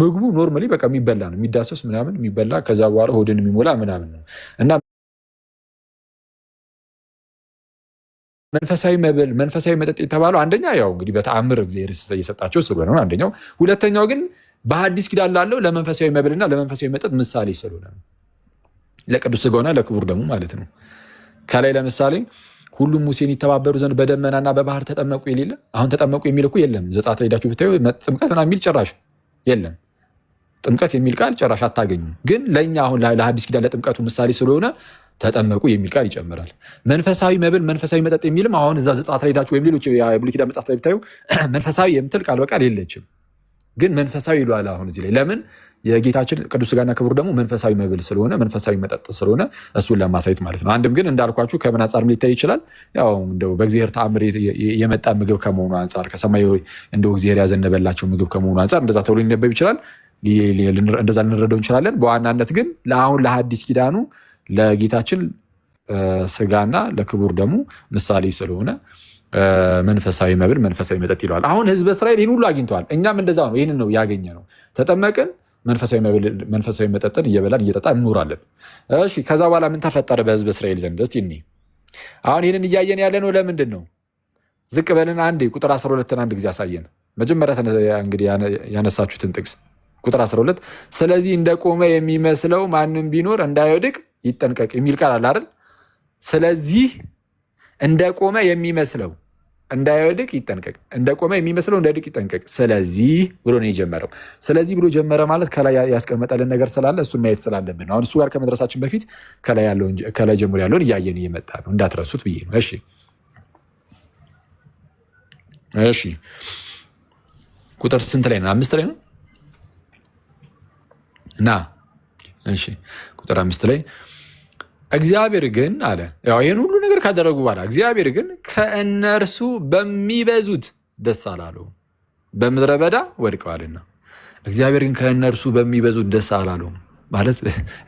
ምግቡ ኖርማሊ በቃ የሚበላ ነው፣ የሚዳሰስ ምናምን የሚበላ ከዛ በኋላ ሆድን የሚሞላ ምናምን ነው እና መንፈሳዊ መብል መንፈሳዊ መጠጥ የተባለው አንደኛ ያው እንግዲህ በተአምር እግዚአብሔር እየሰጣቸው ስለሆነ ነው አንደኛው። ሁለተኛው ግን በሐዲስ ኪዳን ላለው ለመንፈሳዊ መብልና ለመንፈሳዊ መጠጥ ምሳሌ ስለሆነ ነው፣ ለቅዱስ ሥጋውና ለክቡር ደግሞ ማለት ነው። ከላይ ለምሳሌ ሁሉም ሙሴን ይተባበሩ ዘንድ በደመናና በባህር ተጠመቁ የሌለ አሁን ተጠመቁ የሚል እኮ የለም። ዘጸአት ላይ ሄዳችሁ ብታዩ ጥምቀት ምናምን የሚል ጭራሽ የለም። ጥምቀት የሚል ቃል ጭራሽ አታገኙም። ግን ለእኛ አሁን ለአዲስ ኪዳን ለጥምቀቱ ምሳሌ ስለሆነ ተጠመቁ የሚል ቃል ይጨምራል። መንፈሳዊ መብል፣ መንፈሳዊ መጠጥ የሚልም አሁን እዛ ዘጸአት ላይ ሄዳችሁ ወይም ሌሎች የብሉይ ኪዳን መጽሐፍ ላይ ብታዩ መንፈሳዊ የምትል ቃል በቃል የለችም። ግን መንፈሳዊ ይሏል አሁን እዚህ ላይ ለምን የጌታችን ቅዱስ ስጋና ክቡር ደግሞ መንፈሳዊ መብል ስለሆነ መንፈሳዊ መጠጥ ስለሆነ እሱን ለማሳየት ማለት ነው። አንድም ግን እንዳልኳችሁ ከምን አንጻርም ሊታይ ይችላል። ያው እንደው በእግዚአብሔር ተአምር የመጣ ምግብ ከመሆኑ አንጻር ከሰማይ እንደው እግዚአብሔር ያዘነበላቸው ምግብ ከመሆኑ አንጻር እንደዛ ተብሎ ሊነበብ ይችላል። እንደዛ ልንረዳው እንችላለን። በዋናነት ግን ለአሁን ለሐዲስ ኪዳኑ ለጌታችን ስጋና ለክቡር ደግሞ ምሳሌ ስለሆነ መንፈሳዊ መብል መንፈሳዊ መጠጥ ይለዋል። አሁን ህዝበ እስራኤል ይህን ሁሉ አግኝተዋል። እኛም እንደዛ ነው። ይህንን ነው ያገኘ ነው። ተጠመቅን መንፈሳዊ መጠጥን እየበላን እየጠጣ እንኖራለን። እሺ፣ ከዛ በኋላ ምን ተፈጠረ በህዝብ እስራኤል ዘንድ? እስቲ እኒ አሁን ይህንን እያየን ያለ ነው ለምንድን ነው? ዝቅ በልን አንዴ ቁጥር 12 አንድ ጊዜ አሳየን። መጀመሪያ እንግዲህ ያነሳችሁትን ጥቅስ ቁጥር 12 ስለዚህ እንደ ቆመ የሚመስለው ማንም ቢኖር እንዳይወድቅ ይጠንቀቅ የሚል ቃል አለ አይደል? ስለዚህ ቆመ የሚመስለው እንዳይወድቅ ይጠንቀቅ፣ እንደቆመ የሚመስለው እንዳይወድቅ ይጠንቀቅ፣ ስለዚህ ብሎ ነው የጀመረው። ስለዚህ ብሎ ጀመረ ማለት ከላይ ያስቀመጠልን ነገር ስላለ እሱን ማየት ስላለብን ነው። አሁን እሱ ጋር ከመድረሳችን በፊት ከላይ ጀምሮ ያለውን እያየን እየመጣ ነው፣ እንዳትረሱት ብዬ ነው። እሺ፣ እሺ። ቁጥር ስንት ላይ ነው? አምስት ላይ ነው። እና እሺ፣ ቁጥር አምስት ላይ እግዚአብሔር ግን አለ ይህን ሁሉ ነገር ካደረጉ በኋላ እግዚአብሔር ግን ከእነርሱ በሚበዙት ደስ አላሉ፣ በምድረ በዳ ወድቀዋልና። እግዚአብሔር ግን ከእነርሱ በሚበዙት ደስ አላሉ ማለት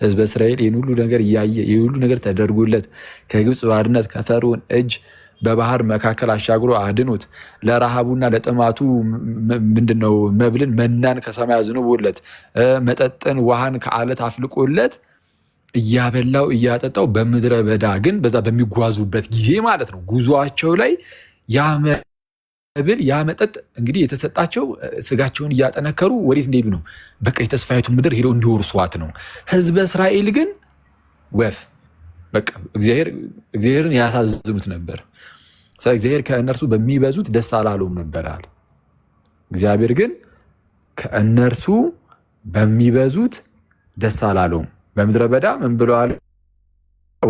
ሕዝበ እስራኤል ይህን ሁሉ ነገር እያየ ይህ ሁሉ ነገር ተደርጎለት ከግብፅ ባርነት ከፈርዖን እጅ በባህር መካከል አሻግሮ አድኖት ለረሃቡና ለጥማቱ ምንድነው መብልን መናን ከሰማይ አዝንቦለት መጠጥን ውሃን ከአለት አፍልቆለት እያበላው እያጠጣው በምድረ በዳ ግን በዛ በሚጓዙበት ጊዜ ማለት ነው ጉዟቸው ላይ ያመብል ያመጠጥ እንግዲህ የተሰጣቸው ስጋቸውን እያጠነከሩ ወዴት እንደሄዱ ነው። በቃ የተስፋይቱን ምድር ሄደው እንዲወርሷት ነው። ህዝበ እስራኤል ግን ወፍ በቃ እግዚአብሔርን ያሳዝኑት ነበር። እግዚአብሔር ከእነርሱ በሚበዙት ደስ አላለውም ነበር አለ። እግዚአብሔር ግን ከእነርሱ በሚበዙት ደስ አላለውም። በምድረ በዳ ምን ብለዋል?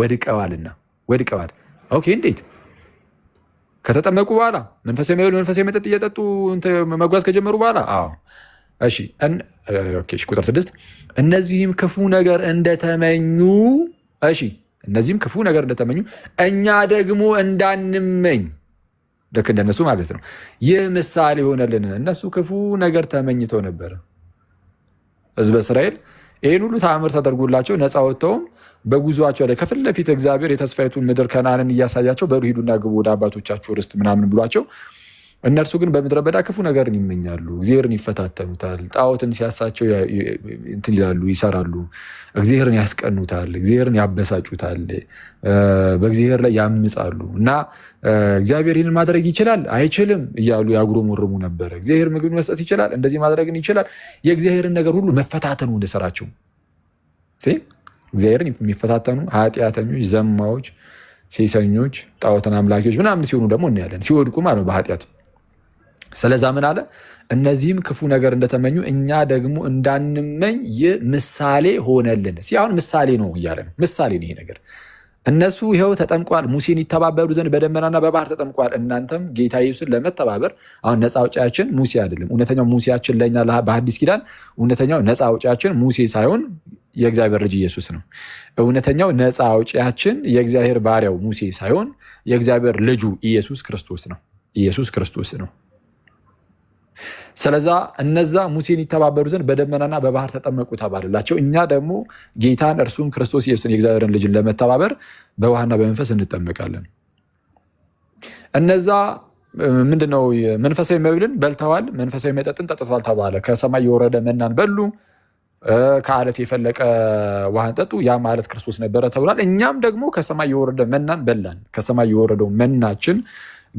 ወድቀዋልና ወድቀዋል። ኦኬ እንዴት ከተጠመቁ በኋላ መንፈሳዊ መብል መንፈሳዊ መጠጥ እየጠጡ መጓዝ ከጀመሩ በኋላ እሺ ቁጥር ስድስት እነዚህም ክፉ ነገር እንደተመኙ እሺ እነዚህም ክፉ ነገር እንደተመኙ እኛ ደግሞ እንዳንመኝ ልክ እንደነሱ ማለት ነው ይህ ምሳሌ ሆነልን እነሱ ክፉ ነገር ተመኝተው ነበረ ህዝበ እስራኤል ይህን ሁሉ ተአምር ተደርጎላቸው ነፃ ወጥተውም በጉዞቸው ላይ ከፊት ለፊት እግዚአብሔር የተስፋይቱን ምድር ከናንን እያሳያቸው በሉ ሂዱና ግቡ ወደ አባቶቻችሁ ርስት ምናምን ብሏቸው እነርሱ ግን በምድረ በዳ ክፉ ነገርን ይመኛሉ፣ እግዚአብሔርን ይፈታተኑታል። ጣዖትን ሲያሳቸው እንትን ይላሉ፣ ይሰራሉ። እግዚአብሔርን ያስቀኑታል፣ እግዚአብሔርን ያበሳጩታል፣ በእግዚአብሔር ላይ ያምፃሉ። እና እግዚአብሔር ይህንን ማድረግ ይችላል አይችልም እያሉ ያጉረመርሙ ነበረ። እግዚአብሔር ምግብን መስጠት ይችላል፣ እንደዚህ ማድረግን ይችላል። የእግዚአብሔርን ነገር ሁሉ መፈታተኑ እንደ ስራቸው እግዚአብሔርን የሚፈታተኑ ኃጢአተኞች፣ ዘማዎች፣ ሴሰኞች፣ ጣዖትን አምላኪዎች ምናምን ሲሆኑ ደግሞ እናያለን ሲወድቁ ማለት ነው በኃጢአት ስለዛ ምን አለ? እነዚህም ክፉ ነገር እንደተመኙ እኛ ደግሞ እንዳንመኝ ይህ ምሳሌ ሆነልን። እስኪ አሁን ምሳሌ ነው እያለ ነው። ምሳሌ ይሄ ነገር። እነሱ ይኸው ተጠምቋል፣ ሙሴን ይተባበሩ ዘንድ በደመናና በባህር ተጠምቋል። እናንተም ጌታ ኢየሱስን ለመተባበር አሁን ነፃ አውጪያችን ሙሴ አይደለም። እውነተኛው ሙሴያችን ለእኛ በአዲስ ኪዳን እውነተኛው ነፃ አውጪያችን ሙሴ ሳይሆን የእግዚአብሔር ልጅ ኢየሱስ ነው። እውነተኛው ነፃ አውጪያችን የእግዚአብሔር ባሪያው ሙሴ ሳይሆን የእግዚአብሔር ልጁ ኢየሱስ ክርስቶስ ነው። ኢየሱስ ክርስቶስ ነው። ስለዛ እነዛ ሙሴን ይተባበሩ ዘንድ በደመናና በባህር ተጠመቁ ተባለላቸው። እኛ ደግሞ ጌታን እርሱን ክርስቶስ ኢየሱስን የእግዚአብሔርን ልጅን ለመተባበር በውሃና በመንፈስ እንጠመቃለን። እነዛ ምንድነው መንፈሳዊ መብልን በልተዋል፣ መንፈሳዊ መጠጥን ጠጥተዋል ተባለ። ከሰማይ የወረደ መናን በሉ፣ ከአለት የፈለቀ ውሃን ጠጡ፣ ያ ማለት ክርስቶስ ነበረ ተብሏል። እኛም ደግሞ ከሰማይ የወረደ መናን በላን። ከሰማይ የወረደው መናችን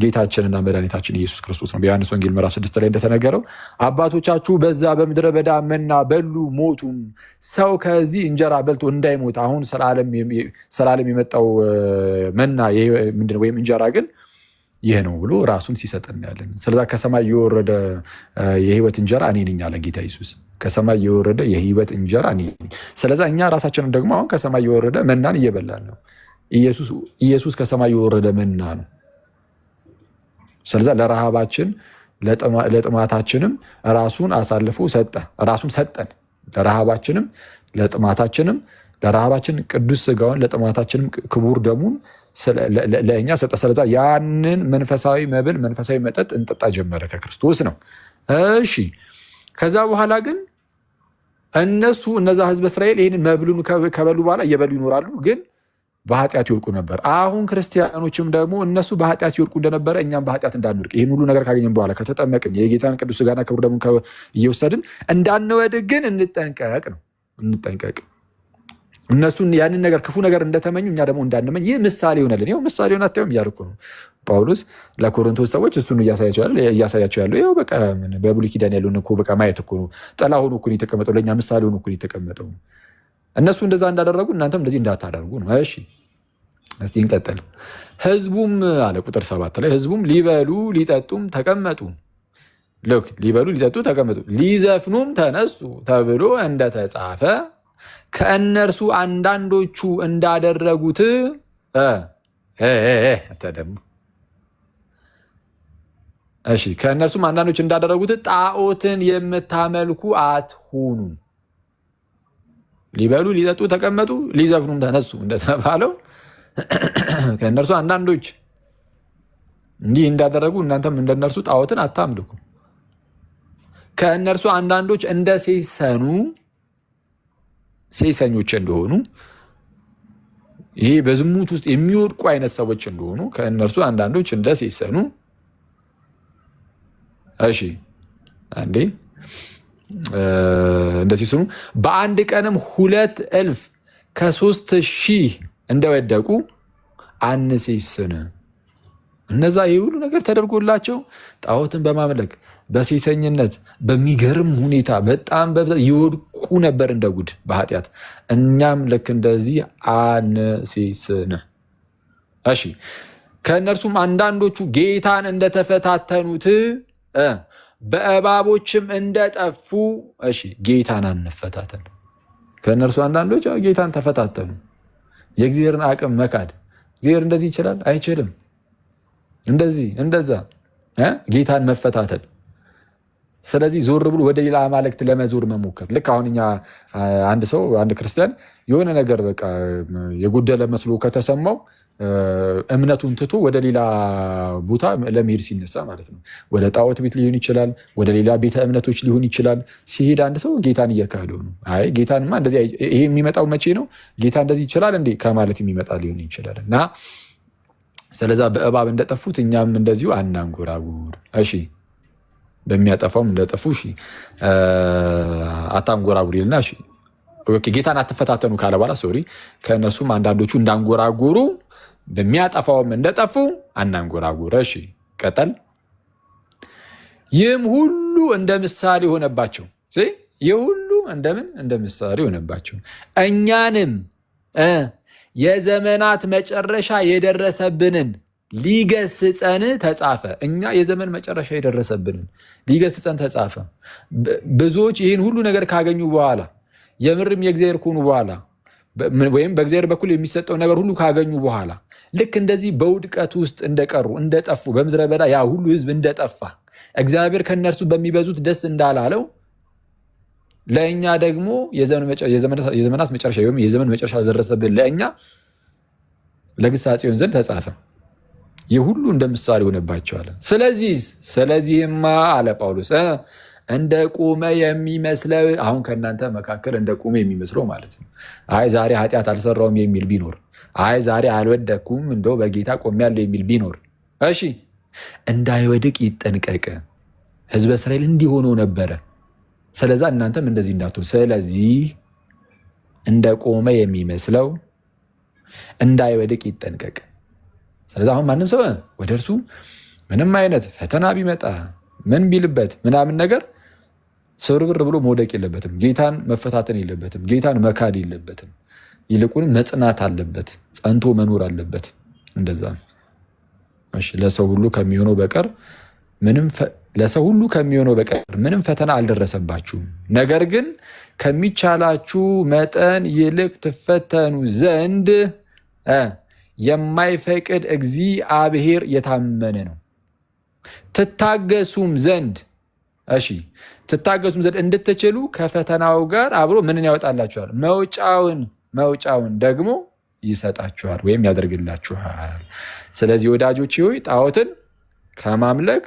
ጌታችንና መድኃኒታችን ኢየሱስ ክርስቶስ ነው። በዮሐንስ ወንጌል ምዕራፍ ስድስት ላይ እንደተነገረው አባቶቻችሁ በዛ በምድረ በዳ መና በሉ ሞቱም። ሰው ከዚህ እንጀራ በልቶ እንዳይሞት አሁን ስለ ዓለም የመጣው መና ምንድን ወይም እንጀራ ግን ይህ ነው ብሎ ራሱን ሲሰጥ እናያለን። ስለዛ ከሰማይ የወረደ የህይወት እንጀራ እኔ ነኝ አለ ጌታ ኢየሱስ። ከሰማይ የወረደ የህይወት እንጀራ እኔ ነኝ። ስለዛ እኛ ራሳችንን ደግሞ አሁን ከሰማይ የወረደ መናን እየበላን ነው። ኢየሱስ ከሰማይ የወረደ መና ነው። ስለዚ ለረሃባችን ለጥማታችንም ራሱን አሳልፎ ሰጠ፣ ራሱን ሰጠን። ለረሃባችንም ለጥማታችንም ለረሃባችን ቅዱስ ስጋውን ለጥማታችንም ክቡር ደሙን ለእኛ ሰጠ። ስለዛ ያንን መንፈሳዊ መብል መንፈሳዊ መጠጥ እንጠጣ ጀመረ። ከክርስቶስ ነው። እሺ ከዛ በኋላ ግን እነሱ እነዛ ህዝበ እስራኤል ይህን መብሉን ከበሉ በኋላ እየበሉ ይኖራሉ ግን በኃጢአት ይወድቁ ነበር። አሁን ክርስቲያኖችም ደግሞ እነሱ በኃጢአት ሲወድቁ እንደነበረ እኛም በኃጢአት እንዳንወድቅ ይህን ሁሉ ነገር ካገኘን በኋላ ከተጠመቅን የጌታን ቅዱስ ሥጋና ክቡር ደግሞ እየወሰድን እንዳንወድቅ ግን እንጠንቀቅ ነው እንጠንቀቅ። እነሱ ያንን ነገር ክፉ ነገር እንደተመኙ እኛ ደግሞ እንዳንመኝ ይህ ምሳሌ ይሆናልን? ይኸው ምሳሌ ሆን አታየውም እያልኩ ነው። ጳውሎስ ለኮሮንቶስ ሰዎች እሱን እያሳያቸው ያለው ይኸው በቃ በብሉይ ኪዳን ያለውን እኮ በቃ ማየት እኮ ነው። ጥላ ሆኖ እኮ ነው የተቀመጠው፣ ለእኛ ምሳሌ ሆኖ እኮ ነው የተቀመጠው። እነሱ እንደዛ እንዳደረጉ እናንተም እንደዚህ እንዳታደርጉ ነው። እሺ እስቲ እንቀጥል። ህዝቡም አለ ቁጥር ሰባት ላይ ህዝቡም ሊበሉ ሊጠጡም ተቀመጡ። ልክ ሊበሉ ሊጠጡ ተቀመጡ፣ ሊዘፍኑም ተነሱ ተብሎ እንደተጻፈ ከእነርሱ አንዳንዶቹ እንዳደረጉት ተደሞ እሺ ከእነርሱም አንዳንዶች እንዳደረጉት ጣዖትን የምታመልኩ አትሁኑ። ሊበሉ ሊጠጡ ተቀመጡ፣ ሊዘፍኑም ተነሱ እንደተባለው ከእነርሱ አንዳንዶች እንዲህ እንዳደረጉ እናንተም እንደነርሱ ጣዖትን አታምልኩ። ከእነርሱ አንዳንዶች እንደ ሴሰኑ ሴሰኞች እንደሆኑ ይሄ በዝሙት ውስጥ የሚወድቁ አይነት ሰዎች እንደሆኑ ከእነርሱ አንዳንዶች እንደ ሴሰኑ እሺ፣ አንዴ እንደ ሴሰኑ በአንድ ቀንም ሁለት እልፍ ከሶስት ሺህ እንደወደቁ አንሴስን እነዛ ይህ ሁሉ ነገር ተደርጎላቸው ጣዖትን በማምለክ በሴሰኝነት በሚገርም ሁኔታ በጣም ይወድቁ ነበር እንደ ጉድ በኃጢአት። እኛም ልክ እንደዚህ አንሴስን። እሺ ከእነርሱም አንዳንዶቹ ጌታን እንደተፈታተኑት በእባቦችም እንደጠፉ። እሺ ጌታን አንፈታተን። ከእነርሱ አንዳንዶች ጌታን ተፈታተኑ። የእግዚአብሔርን አቅም መካድ። እግዚአብሔር እንደዚህ ይችላል አይችልም፣ እንደዚህ እንደዛ ጌታን መፈታተል። ስለዚህ ዞር ብሎ ወደ ሌላ አማልክት ለመዞር መሞከር። ልክ አሁን እኛ አንድ ሰው አንድ ክርስቲያን የሆነ ነገር በቃ የጎደለ መስሎ ከተሰማው እምነቱን ትቶ ወደ ሌላ ቦታ ለመሄድ ሲነሳ ማለት ነው። ወደ ጣዖት ቤት ሊሆን ይችላል፣ ወደ ሌላ ቤተ እምነቶች ሊሆን ይችላል። ሲሄድ አንድ ሰው ጌታን እያካሄደው ነው። አይ ጌታንማ እንደዚህ ይሄ የሚመጣው መቼ ነው? ጌታ እንደዚህ ይችላል እንዴ ከማለት የሚመጣ ሊሆን ይችላል እና ስለዛ በእባብ እንደጠፉት እኛም እንደዚሁ አናንጎራጉር። እሺ በሚያጠፋውም እንደጠፉ አታንጎራጉር ይልና ጌታን አትፈታተኑ ካለ በኋላ ሶሪ ከእነርሱም አንዳንዶቹ እንዳንጎራጎሩ በሚያጠፋውም እንደጠፉ አናንጎራጉር። እሺ ቀጠል። ይህም ሁሉ እንደ ምሳሌ ሆነባቸው። ይህ ሁሉ እንደምን እንደ ምሳሌ ሆነባቸው እኛንም የዘመናት መጨረሻ የደረሰብንን ሊገስጸን ተጻፈ። እኛ የዘመን መጨረሻ የደረሰብንን ሊገስጸን ተጻፈ። ብዙዎች ይህን ሁሉ ነገር ካገኙ በኋላ የምርም የእግዚአብሔር ከሆኑ በኋላ ወይም በእግዚአብሔር በኩል የሚሰጠው ነገር ሁሉ ካገኙ በኋላ ልክ እንደዚህ በውድቀት ውስጥ እንደቀሩ እንደጠፉ፣ በምድረ በዳ ያ ሁሉ ህዝብ እንደጠፋ እግዚአብሔር ከእነርሱ በሚበዙት ደስ እንዳላለው ለእኛ ደግሞ የዘመናት መጨረሻ ወይም የዘመን መጨረሻ ደረሰብን ለእኛ ለግሳጼውን ዘንድ ተጻፈ። ይህ ሁሉ እንደምሳሌ ሆነባቸዋለን። ስለዚህ ስለዚህማ አለ ጳውሎስ እንደ ቁመ የሚመስለው አሁን ከእናንተ መካከል እንደ ቁመ የሚመስለው ማለት ነው። አይ ዛሬ ኃጢአት አልሰራውም የሚል ቢኖር፣ አይ ዛሬ አልወደኩም እንደው በጌታ ቆሜያለሁ የሚል ቢኖር፣ እሺ እንዳይወድቅ ይጠንቀቅ። ህዝበ እስራኤል እንዲሆነው ነበረ። ስለዛ እናንተም እንደዚህ እንዳትሆን። ስለዚህ እንደ ቆመ የሚመስለው እንዳይወድቅ ይጠንቀቅ። ስለዚ አሁን ማንም ሰው ወደ እርሱ ምንም አይነት ፈተና ቢመጣ ምን ቢልበት ምናምን ነገር ስብርብር ብሎ መውደቅ የለበትም። ጌታን መፈታተን የለበትም። ጌታን መካድ የለበትም። ይልቁን መጽናት አለበት፣ ጸንቶ መኖር አለበት። እንደዛ ነው። ለሰው ሁሉ ከሚሆነው በቀር ምንም ለሰው ሁሉ ከሚሆነው በቀር ምንም ፈተና አልደረሰባችሁም። ነገር ግን ከሚቻላችሁ መጠን ይልቅ ትፈተኑ ዘንድ የማይፈቅድ እግዚአብሔር የታመነ ነው። ትታገሱም ዘንድ እሺ ትታገሱም ዘንድ እንድትችሉ ከፈተናው ጋር አብሮ ምንን ያወጣላችኋል? መውጫውን መውጫውን ደግሞ ይሰጣችኋል ወይም ያደርግላችኋል። ስለዚህ ወዳጆች ሆይ ጣዖትን ከማምለክ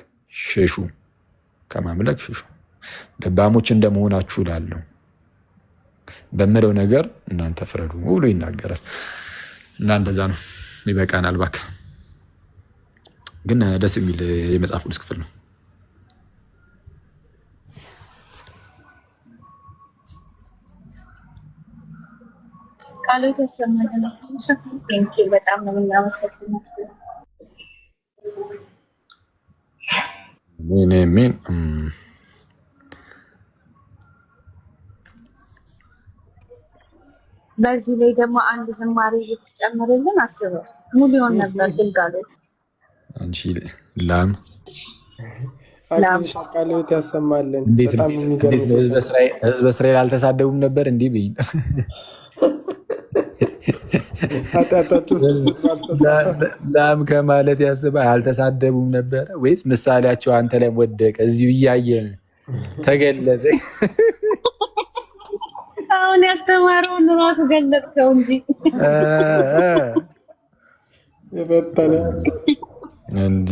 ሽሹ፣ ከማምለክ ሽሹ። ልባሞች እንደመሆናችሁ ላለው በምለው ነገር እናንተ ፍረዱ ብሎ ይናገራል እና እንደዛ ነው። ይበቃናል እባክህ። ግን ደስ የሚል የመጽሐፍ ቅዱስ ክፍል ነው። በጣም በዚህ ላይ ደግሞ አንድ ዝማሬ ብትጨምርልን አስበው ሙሉ ይሆን ነበር ግልጋሎት አንቺ ላም ቃልት ያሰማለን። ህዝበ እስራኤል አልተሳደቡም ነበር እንዲህ ብይ ላም ከማለት ያስበ አልተሳደቡም ነበር ወይስ ምሳሌያቸው አንተ ላይ ወደቀ? እዚሁ እያየን ተገለጠ። አሁን ያስተማረውን ራሱ ገለጥከው እንጂ እንጂ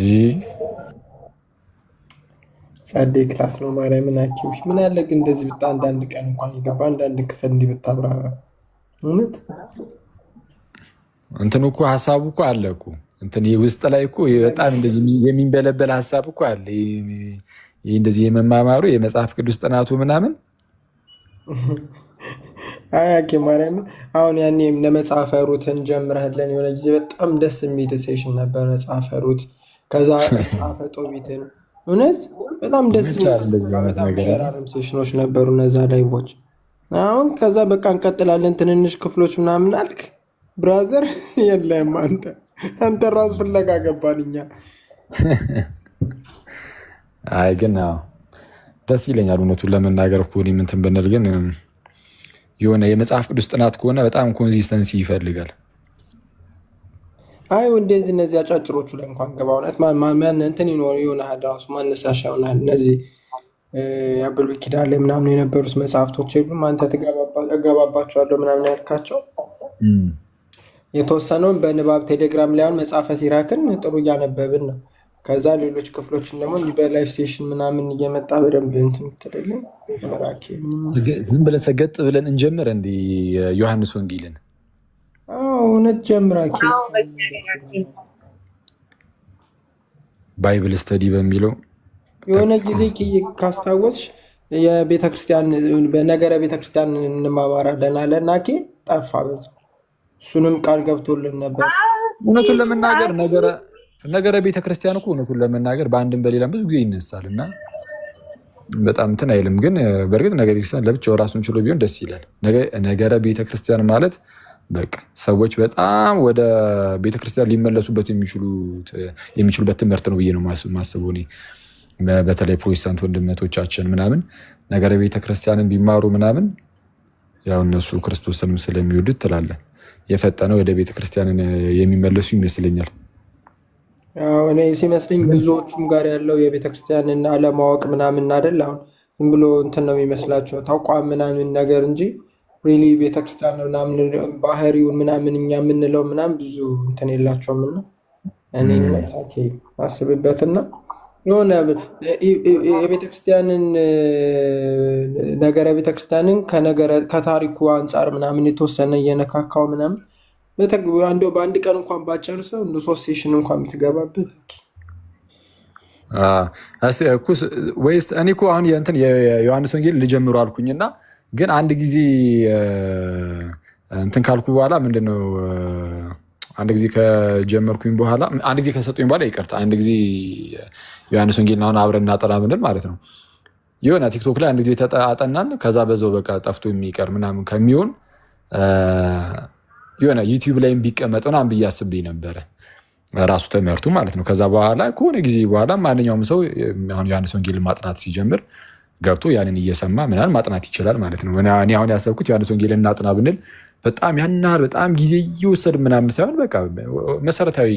ጸዴ ክላስ ነው። ማርያም ናቸው። ምን አለ ግን እንደዚህ ብታ አንዳንድ ቀን እንኳን የገባ አንዳንድ ክፍል እንዲህ ብታብራራ። እውነት እንትን እኮ ሀሳቡ እኮ አለ እኮ እንትን ውስጥ ላይ እኮ በጣም የሚንበለበል ሀሳብ እኮ አለ። ይህ እንደዚህ የመማማሩ የመጽሐፍ ቅዱስ ጥናቱ ምናምን አያኬ ማርያም አሁን ያኔ ለመጽሐፈ ሩትን ጀምረህለን የሆነ ጊዜ በጣም ደስ የሚል ሴሽን ነበር። መጽሐፈ ሩት ከዛ መጽሐፈ ጦቢትን እውነት በጣም ደስ የሚገራርም ሴሽኖች ነበሩ እነዛ ላይቦች። አሁን ከዛ በቃ እንቀጥላለን ትንንሽ ክፍሎች ምናምን አልክ ብራዘር። የለም አንተ አንተ ራሱ ፍለጋ ገባን እኛ። አይ ግን ደስ ይለኛል እውነቱን ለመናገር እኮ እኔም እንትን ብንል ግን የሆነ የመጽሐፍ ቅዱስ ጥናት ከሆነ በጣም ኮንሲስተንሲ ይፈልጋል። አይ እንደዚህ እነዚህ አጫጭሮቹ ላይ እንኳን ገባ እውነት እንትን ይኖር ይሆናል ራሱ ማነሳሻ ይሆናል። እነዚህ የብሉይ ኪዳን ላይ ምናምን የነበሩት መጽሐፍቶች የሉም አንተ ትገባባቸዋለሁ ምናምን ያልካቸው የተወሰነውን በንባብ ቴሌግራም ላይ አሁን መጽሐፈ ሲራክን ጥሩ እያነበብን ነው ከዛ ሌሎች ክፍሎችን ደግሞ በላይፍ ሴሽን ምናምን እየመጣ በደንብ እንትን የምትልልን ዝም ብለን ሰገጥ ብለን እንጀምር። እንዲ ዮሐንስ ወንጌልን እውነት ጀምራኪ ባይብል ስተዲ በሚለው የሆነ ጊዜ ካስታወስሽ የቤተክርስቲያን በነገረ ቤተክርስቲያን ክርስቲያን እንማማራለን አለ ናኬ ጠፋ። በዛ እሱንም ቃል ገብቶልን ነበር። እውነቱን ለመናገር ነገረ ነገረ ቤተ ክርስቲያን እኮ እውነቱን ለመናገር በአንድም በሌላም ብዙ ጊዜ ይነሳል እና በጣም እንትን አይልም። ግን በእርግጥ ነገረ ቤተክርስቲያን ለብቻው ራሱን ችሎ ቢሆን ደስ ይላል። ነገረ ቤተክርስቲያን ማለት በቃ ሰዎች በጣም ወደ ቤተክርስቲያን ሊመለሱበት የሚችሉበት ትምህርት ነው ብዬ ነው ማስበው እኔ በተለይ ፕሮቴስታንት ወንድመቶቻችን ምናምን ነገረ ቤተክርስቲያንን ቢማሩ ምናምን ያው እነሱ ክርስቶስንም ስለሚወዱት ትላለን የፈጠነ ወደ ቤተክርስቲያንን የሚመለሱ ይመስለኛል። እኔ ሲመስለኝ ብዙዎቹም ጋር ያለው የቤተክርስቲያንን አለማወቅ ምናምን አደል አሁን ዝም ብሎ እንትን ነው የሚመስላቸው ተቋም ምናምን ነገር እንጂ ሪሊ ቤተክርስቲያን ምናምን ባህሪውን ምናምን እኛ የምንለው ምናምን ብዙ እንትን የላቸውም። እና እኔ መታኬ አስብበትና የሆነ የቤተክርስቲያንን ነገረ ቤተክርስቲያንን ከታሪኩ አንጻር ምናምን የተወሰነ እየነካካው ምናምን እንደው በአንድ ቀን እንኳን ባጨርሰው እንደ ሶስት ሴሽን እንኳን የምትገባበት ወይስ እኔ እኮ አሁን የእንትን የዮሐንስ ወንጌል ልጀምሩ አልኩኝና ግን አንድ ጊዜ እንትን ካልኩ በኋላ ምንድን ነው አንድ ጊዜ ከጀመርኩኝ በኋላ አንድ ጊዜ ከሰጡኝ በኋላ ይቅርታ፣ አንድ ጊዜ ዮሐንስ ወንጌል አሁን አብረን እናጠና ምንል ማለት ነው የሆነ ቲክቶክ ላይ አንድ ጊዜ አጠናን። ከዛ በዛው በቃ ጠፍቶ የሚቀር ምናምን ከሚሆን የሆነ ዩቲዩብ ላይም ቢቀመጥ ምናምን ብዬ አስቤ ነበረ ራሱ ትምህርቱ ማለት ነው። ከዛ በኋላ ከሆነ ጊዜ በኋላ ማንኛውም ሰው አሁን ዮሐንስ ወንጌል ማጥናት ሲጀምር ገብቶ ያንን እየሰማ ምናምን ማጥናት ይችላል ማለት ነው። እኔ አሁን ያሰብኩት ዮሐንስ ወንጌል እናጥና ብንል በጣም ያናር በጣም ጊዜ እየወሰድ ምናምን ሳይሆን በቃ መሰረታዊ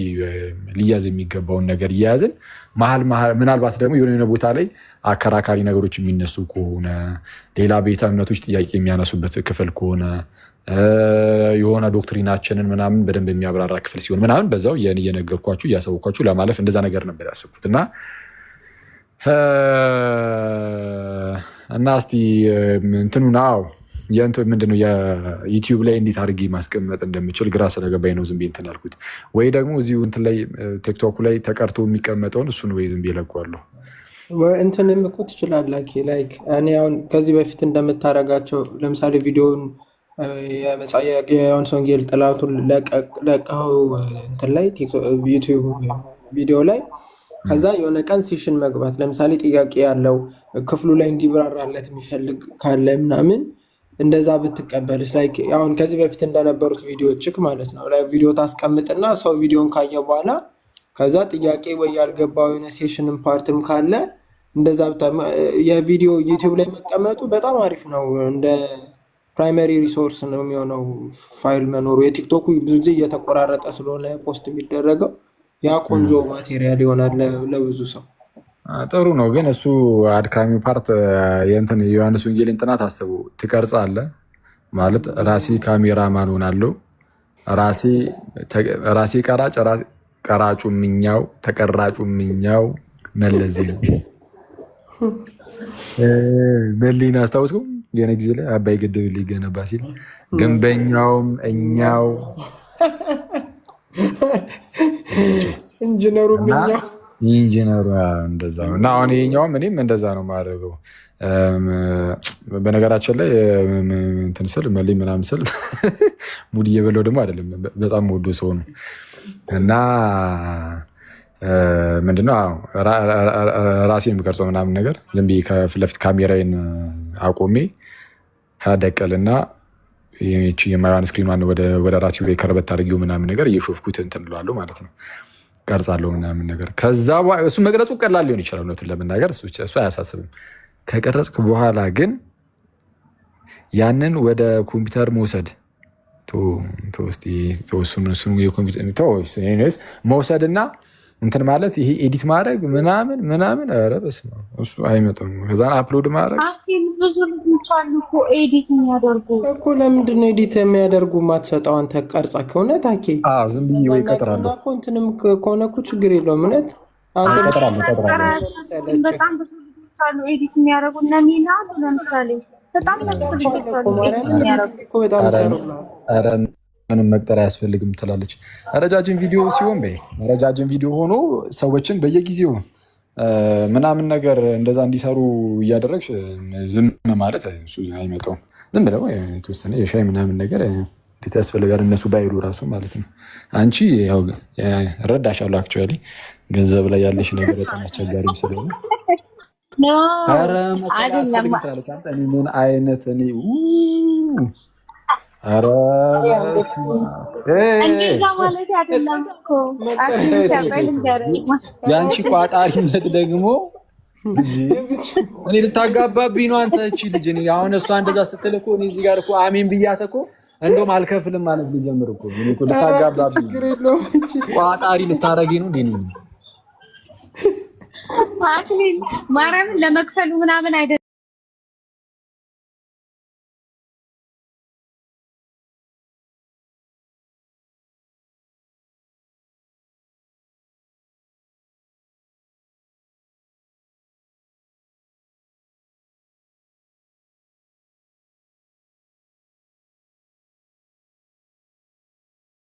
ሊያዝ የሚገባውን ነገር እየያዝን መሀል መሀል ምናልባት ደግሞ የሆነ ቦታ ላይ አከራካሪ ነገሮች የሚነሱ ከሆነ ሌላ ቤተ እምነቶች ጥያቄ የሚያነሱበት ክፍል ከሆነ የሆነ ዶክትሪናችንን ምናምን በደንብ የሚያብራራ ክፍል ሲሆን ምናምን በዛው እየነገርኳችሁ እያሳወቅኳችሁ ለማለፍ እንደዛ ነገር ነበር ያሰብኩት እና እና እስቲ እንትኑን አዎ ምንድነው የዩቲዩብ ላይ እንዴት አድርጌ ማስቀመጥ እንደምችል ግራ ስለገባኝ ነው ዝም ብዬ እንትን ያልኩት። ወይ ደግሞ እዚሁ እንትን ላይ ቲክቶኩ ላይ ተቀርቶ የሚቀመጠውን እሱን ወይ ዝም ብዬ እለቀዋለሁ። እንትንም እኮ ትችላለህ። ላይክ እኔ አሁን ከዚህ በፊት እንደምታደርጋቸው ለምሳሌ ቪዲዮውን የዮሐንስ ወንጌል ጥላቱን ለቀው እንትን ላይ ዩቲዩብ ቪዲዮ ላይ ከዛ የሆነ ቀን ሴሽን መግባት ለምሳሌ ጥያቄ ያለው ክፍሉ ላይ እንዲብራራለት የሚፈልግ ካለ ምናምን እንደዛ ብትቀበልስ ላይክ አሁን ከዚህ በፊት እንደነበሩት ቪዲዮዎችክ ማለት ነው። ላይ ቪዲዮ ታስቀምጥና ሰው ቪዲዮን ካየ በኋላ ከዛ ጥያቄ ወይ ያልገባው የሆነ ሴሽንም ፓርትም ካለ እንደዛ የቪዲዮ ዩቲዩብ ላይ መቀመጡ በጣም አሪፍ ነው እንደ ፕራይመሪ ሪሶርስ ነው የሚሆነው ፋይል መኖሩ። የቲክቶኩ ብዙ ጊዜ እየተቆራረጠ ስለሆነ ፖስት የሚደረገው ያ ቆንጆ ማቴሪያል ይሆናል ለብዙ ሰው። ጥሩ ነው ግን እሱ አድካሚ ፓርት የእንትን የዮሐንስ ወንጌልን ጥናት አስቡ። ትቀርጽ አለ ማለት ራሴ ካሜራ ካሜራማን ሆናለሁ፣ ራሴ ቀራጭ፣ ቀራጩ ምኛው፣ ተቀራጩ ምኛው መለዚህ ነው መሊን አስታውስኩም የሆነ ጊዜ ላይ አባይ ግድብ ሊገነባ ሲል ግንበኛውም እኛው ኢንጂነሩ ኢንጂነሩ እንደዛ ነው። እና አሁን ይሄኛውም እኔም እንደዛ ነው ማድረገው። በነገራችን ላይ እንትን ስል መሌ ምናምን ስል ሙድ እየበለው ደግሞ አይደለም በጣም ወዶ ሰው ነው እና ምንድነው ራሴን የምቀርጸው ምናምን ነገር ዝም ብዬ ከፊት ለፊት ካሜራዬን አቆሜ ከደቀልና ይቺ የማይዋን ስክሪን ማን ወደ ራሴ ወይ ከረበት አድርጊው ምናምን ነገር እየሾፍኩት እንትን እላለሁ ማለት ነው። ቀርጻለሁ ምናምን ነገር ከዛ እሱ መቅረጹ ቀላል ሊሆን ይችላል። እውነቱን ለመናገር እሱ አያሳስብም። ከቀረጽክ በኋላ ግን ያንን ወደ ኮምፒውተር መውሰድ ስ መውሰድና እንትን ማለት ይሄ ኤዲት ማድረግ ምናምን ምናምን፣ ኧረ በስመ አብ እሱ አይመጣም። ከዛን አፕሎድ ማድረግ ብዙ ልጆች አሉ እኮ ኤዲት የሚያደርጉ እኮ። ለምንድን ነው ኤዲት የሚያደርጉ ማትሰጠው አንተ? ቀርጻ ከሆነ ታኬ ዝም ብዬ ወይ እቀጥራለሁ እኮ እንትንም ከሆነ እኮ ችግር የለውም። እውነት በጣም ብዙ ልጆች አሉ ኤዲት የሚያደርጉ እነ ሚና ለምሳሌ በጣም ብዙ ልጆች አሉ ኤዲት የሚያደርጉ ምንም መቅጠር አያስፈልግም ትላለች። ረጃጅም ቪዲዮ ሲሆን በይ ረጃጅም ቪዲዮ ሆኖ ሰዎችን በየጊዜው ምናምን ነገር እንደዛ እንዲሰሩ እያደረግሽ ዝም ማለት አይመጣውም። ዝም ብለው የተወሰነ የሻይ ምናምን ነገር እንዴት ያስፈልጋል እነሱ ባይሉ ራሱ ማለት ነው። አንቺ ያው እረዳሻለሁ። አክቹዋሊ ገንዘብ ላይ ያለሽ ነገር በጣም አስቸጋሪ ስለሆነ ኧረ መቀሌ አያስፈልግም ትላለች። አንተ ምን አይነት እኔ ያንቺ ቋጣሪነት ደግሞ እኔ ልታጋባብኝ ነው አንተ። እቺ ልጅ አሁን እሷ እንደዛ ስትል እኮ እኔ እዚህ ጋር እኮ አሜን ብያት እኮ እንደውም አልከፍልም ማለት ልጀምር እኮ ልታጋባብኝ ቋጣሪ ልታረጊ ነው ማርያምን ለመክፈሉ ምናምን አይደለም።